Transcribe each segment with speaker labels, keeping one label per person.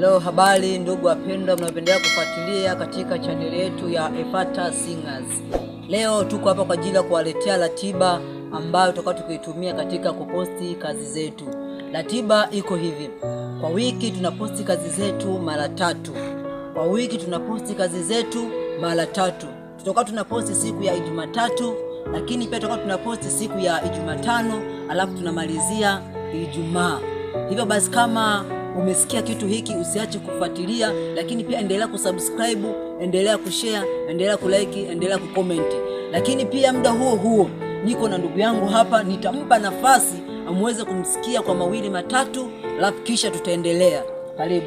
Speaker 1: Leo habari, ndugu wapendwa, mnaopendelea kufuatilia katika chaneli yetu ya Efata Singers. Leo tuko hapa kwa ajili ya kuwaletea ratiba ambayo tutakuwa tukiitumia katika kuposti kazi zetu. Ratiba iko hivi: kwa wiki tunaposti kazi zetu mara tatu, kwa wiki tunaposti kazi zetu mara tatu. Tutakuwa tunaposti siku ya Ijumatatu, lakini pia tutakuwa tunaposti siku ya Ijumatano alafu tunamalizia Ijumaa. Hivyo basi kama umesikia kitu hiki, usiache kufuatilia, lakini pia endelea kusubscribe, endelea kushare, endelea kulike, endelea kucomment. Lakini pia muda huo huo niko na ndugu yangu hapa, nitampa nafasi amweze kumsikia kwa mawili matatu, alafu kisha tutaendelea. Karibu.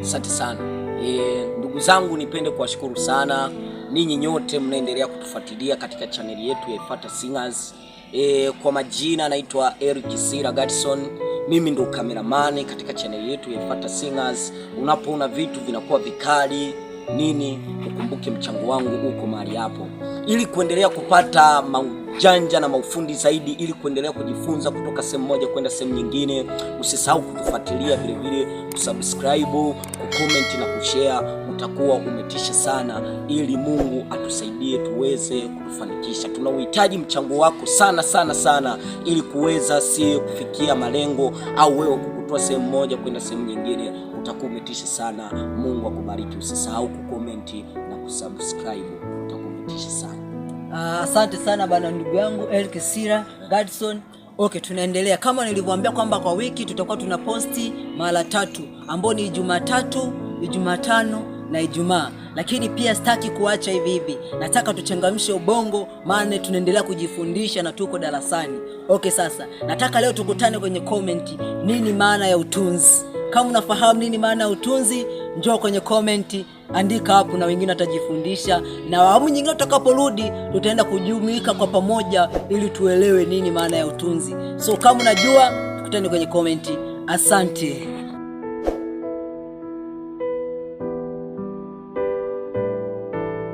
Speaker 2: Asante sana e, ndugu zangu, nipende kuwashukuru sana ninyi nyote mnaendelea kutufuatilia katika chaneli yetu ya Ifuata Singers. E, kwa majina naitwa Eric Sira Gadson mimi ndo kameramani katika chaneli yetu ya Fata Singers. Unapoona vitu vinakuwa vikali nini, ukumbuke mchango wangu uko mahali hapo, ili kuendelea kupata ma janja na maufundi zaidi, ili kuendelea kujifunza kutoka sehemu moja kwenda sehemu nyingine. Usisahau kutufuatilia vilevile, kusubscribe, kucomment na kushare. Utakuwa umetisha sana, ili Mungu atusaidie tuweze kufanikisha. Tunauhitaji mchango wako sana sana sana, ili kuweza si kufikia malengo au wewe kukutoa sehemu moja kwenda sehemu nyingine. Utakuwa umetisha sana. Mungu akubariki. Usisahau kukomenti na kusubscribe, utakuwa umetisha sana.
Speaker 1: Ah, asante uh, sana bana ndugu yangu Eric Sira Gadson. Okay, tunaendelea kama nilivyoambia kwamba kwa wiki tutakuwa tuna posti mara tatu, ambao ni Jumatatu, Jumatano na Ijumaa lakini pia sitaki kuacha hivi hivi, nataka tuchangamshe ubongo, maana tunaendelea kujifundisha na tuko darasani. Okay, sasa nataka leo tukutane kwenye komenti, nini maana ya utunzi? Kama unafahamu nini maana ya utunzi, njoo kwenye komenti andika hapo, na wengine watajifundisha, na awamu nyingine tutakaporudi tutaenda kujumuika kwa pamoja ili tuelewe nini maana ya utunzi. So kama unajua, tukutane kwenye komenti. Asante.